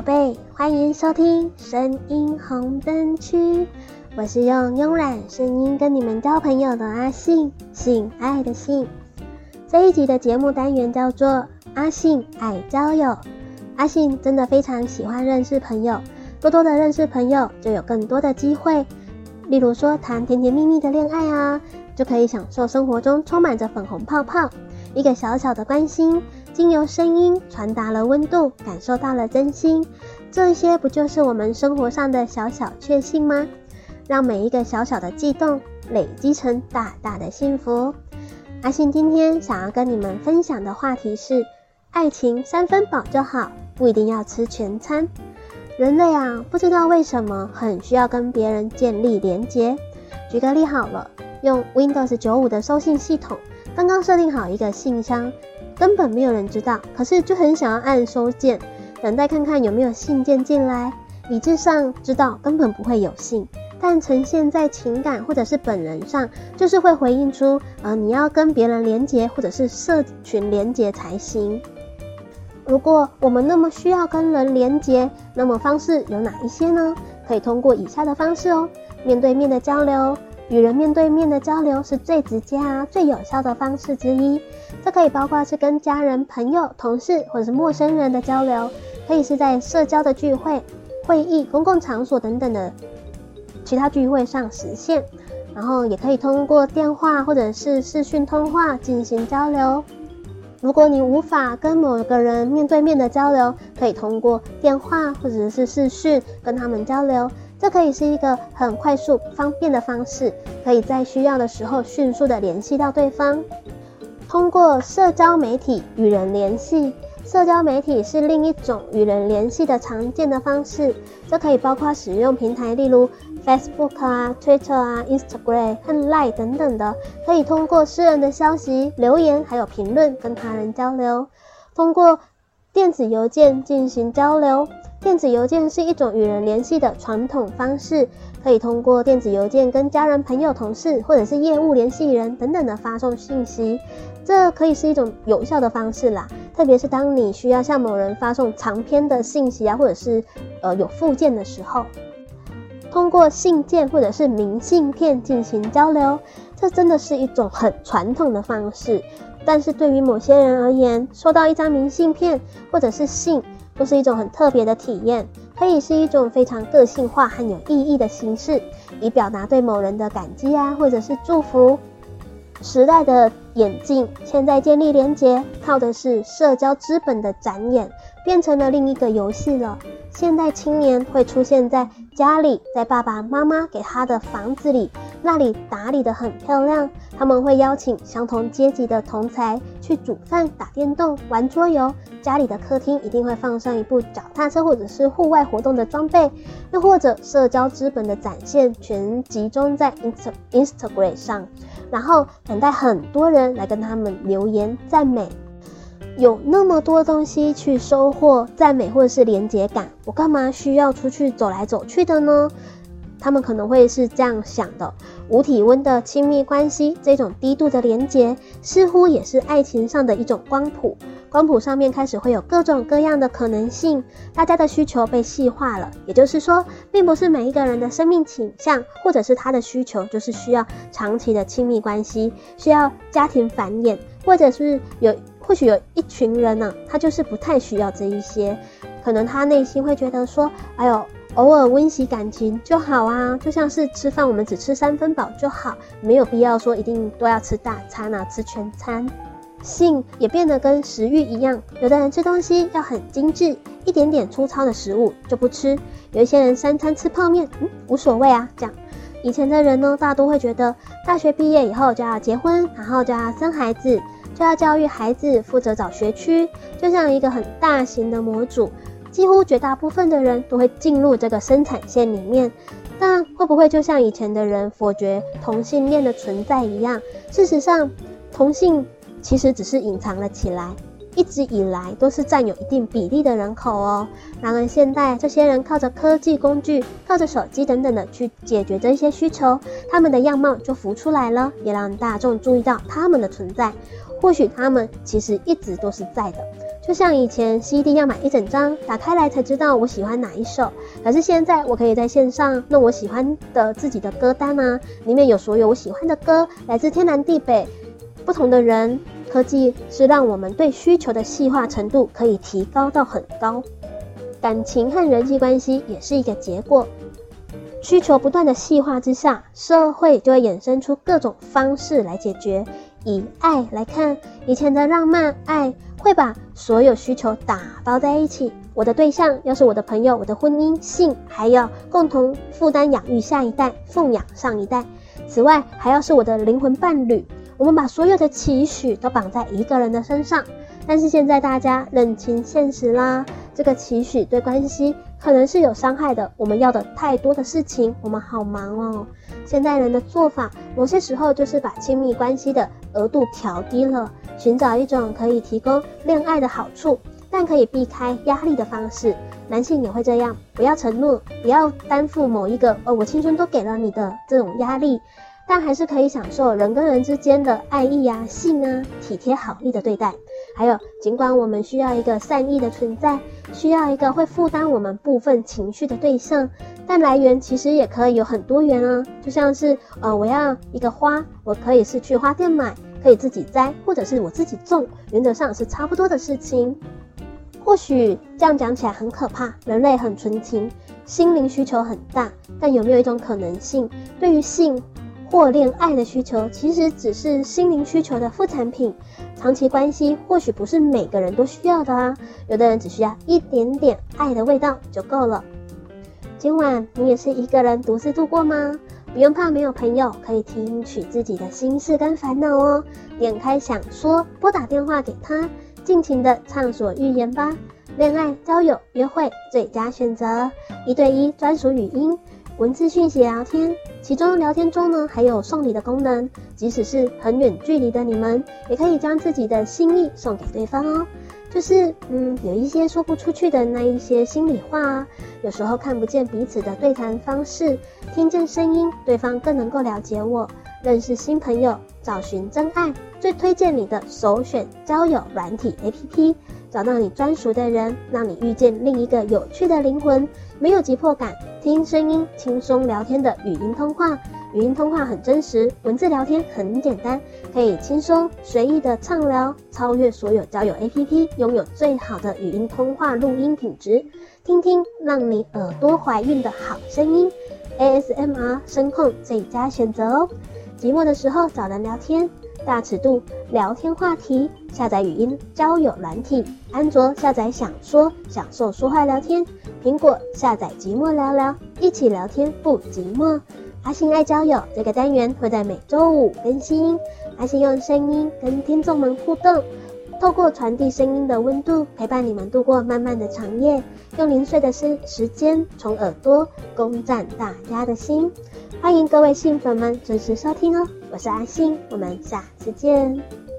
寶貝，歡迎收聽《聲音紅燈區》，我是用慵懶聲音跟你們交朋友的阿性，性愛的性。這一集的節目單元叫做《阿性愛交友》。阿性真的非常喜歡認識朋友，多多的認識朋友就有更多的機會，例如說談甜甜蜜蜜的戀愛啊，就可以享受生活中充滿着粉紅泡泡，一個小小的關心。經由聲音傳達了溫度，感受到了真心，這些不就是我們生活上的小小確幸嗎？讓每一個小小的悸動累積成大大的幸福。阿性今天想要跟你們分享的話題是：愛情三分飽就好，不一定要吃全餐。人類啊，不知道為什麼很需要跟別人建立連結。舉個例好了，用 Windows 九五的收信系統，剛剛設定好一個信箱。根本沒有人知道，可是就很想要按收件，等待看看有沒有信件進來。理智上知道根本不會有信，但呈現在情感或者是本人上，就是會回應出，呃，你要跟別人連接，或者是社群連接才行。如果我們那麼需要跟人連接，那麼方式有哪一些呢？可以通過以下的方式哦：面對面的交流。與人面對面的交流是最直接啊、最有效的方式之一。這可以包括是跟家人、朋友、同事或者是陌生人的交流，可以是在社交的聚會、會議、公共場所等等的其他聚會上實現。然後也可以通過電話或者是視訊通話進行交流。如果你無法跟某個人面對面的交流，可以通過電話或者是視訊跟他們交流。這可以是一個很快速、方便的方式，可以在需要的時候迅速的聯繫到對方。通過社交媒體與人聯繫，社交媒體是另一種與人聯繫的常見的方式。這可以包括使用平台，例如 Facebook 啊、Twitter 啊、Instagram 和 Line 等等的，可以通過私人的消息、留言還有評論跟他人交流。通過電子郵件進行交流。電子郵件是一種與人聯繫的傳統方式，可以通過電子郵件跟家人、朋友、同事或者是業務聯繫人等等的發送信息。這可以是一種有效的方式啦，特別是當你需要向某人發送長篇的信息啊，或者是呃有附件的時候，通過信件或者是明信片進行交流。這真的是一種很傳統的方式。但是對於某些人而言，收到一張明信片或者是信，都是一種很特別的體驗，可以是一種非常個性化、很有意義的形式，以表達對某人的感激啊，或者是祝福。時代的演進，現在建立連接靠的是社交資本的展演，變成了另一個遊戲了。現代青年會出現在家裡，在爸爸媽媽給他的房子裡。那裡打理得很漂亮，他們會邀請相同階級的同才去煮飯、打電動、玩桌遊。家裡的客廳一定會放上一部腳踏車或者是戶外活動的裝備，又或者社交資本的展現全集中在 Instagram 上，然後等待很多人來跟他們留言讚美，有那麼多東西去收穫讚美或者是連結感，我幹嘛需要出去走來走去的呢？他們可能會是這樣想的。無體溫的親密關係，這種低度的連接，似乎也是愛情上的一種光譜。光譜上面開始會有各種各樣的可能性，大家的需求被細化了。也就是說，並不是每一個人的生命傾向，或者是他的需求，就是需要長期的親密關係，需要家庭繁衍，或者是有或許有一群人呢，啊，他就是不太需要這一些，可能他內心會覺得說，哎呦。偶爾溫習感情就好啊，就像是吃飯，我們只吃三分飽就好，沒有必要說一定都要吃大餐啊，吃全餐。性也變得跟食欲一樣，有的人吃東西要很精緻，一點點粗糙的食物就不吃；有一些人三餐吃泡麵，嗯，無所謂啊，這樣。以前的人呢，大多會覺得大學畢業以後就要結婚，然後就要生孩子，就要教育孩子，負責找學區，就像一個很大型的模組。幾乎絕大部分的人都會進入這個生產線裡面，但會不會就像以前的人否決同性戀的存在一樣？事實上，同性其實只是隱藏了起來，一直以來都是占有一定比例的人口哦。然而現在這些人靠着科技工具、靠着手機等等的去解決這些需求，他們的樣貌就浮出來了，也讓大眾注意到他們的存在。或許他們其實一直都是在的。就像以前 CD 要買一整張，打開來才知道我喜歡哪一首。可是現在，我可以在線上弄我喜歡的自己的歌單啊，裡面有所有我喜歡的歌，來自天南地北，不同的人。科技是讓我們對需求的細化程度可以提高到很高，感情和人際關係也是一個結果。需求不斷的細化之下，社會就會衍生出各種方式來解決。以愛來看，以前的浪漫愛會把所有需求打包在一起。我的對象要是我的朋友，我的婚姻、性，還要共同負擔養育下一代，奉養上一代。此外，還要是我的靈魂伴侶。我們把所有的期許都綁在一個人的身上。但是現在大家認清現實啦，這個期許對關係可能是有傷害的。我們要的太多的事情，我們好忙哦。現代人的做法，某些時候就是把親密關係的額度調低了，尋找一種可以提供戀愛的好處，但可以避開壓力的方式。男性也會這樣，不要承諾，不要擔負某一個哦，我青春都給了你的這種壓力，但還是可以享受人跟人之間的愛意啊、性啊、體貼好意的對待。還有，儘管我們需要一個善意的存在，需要一個會負擔我們部分情緒的對象，但來源其實也可以有很多元啊。就像是，呃，我要一個花，我可以是去花店買，可以自己摘，或者是我自己種，原則上是差不多的事情。或許這樣講起來很可怕，人類很純情，心靈需求很大，但有沒有一種可能性，對於性，或戀愛的需求，其實只是心靈需求的副產品，長期關係，或許不是每個人都需要的啊，有的人只需要一點點愛的味道就夠了。今晚你也是一個人獨自度過嗎？不用怕沒有朋友可以聽取自己的心事跟煩惱哦。點開享說，撥打電話給他，盡情的暢所欲言吧。戀愛、交友、約會最佳選擇，一對一專屬語音。文字訊息聊天，其中聊天中呢還有送禮的功能，即使是很遠距離的你們，也可以將自己的心意送給對方哦。就是嗯，有一些說不出去的那一些心裡話啊、哦，有時候看不見彼此的對談方式，聽見聲音，對方更能夠了解我，認識新朋友，找尋真愛，最推薦你的首選交友軟體 APP。找到你專屬的人，讓你遇見另一個有趣的靈魂，沒有急迫感，聽聲音輕鬆聊天的語音通話，語音通話很真實，文字聊天很簡單，可以輕鬆隨意的暢聊，超越所有交友 APP，擁有最好的語音通話錄音品質，聽聽讓你耳朵懷孕的好聲音，ASMR 聲控最佳選擇哦，寂寞的時候找人聊天。大尺度聊天話題，下載語音交友軟體。安卓下載享說，享受說話聊天；蘋果下載寂寞聊聊，一起聊天不寂寞。阿性愛交友這個單元會在每周五更新。阿性用聲音跟聽眾們互動，透過傳遞聲音的溫度，陪伴你們度過漫漫的長夜。用零碎的時時間，從耳朵攻占大家的心。歡迎各位性粉們準時收聽哦。我是阿性，我們下次見。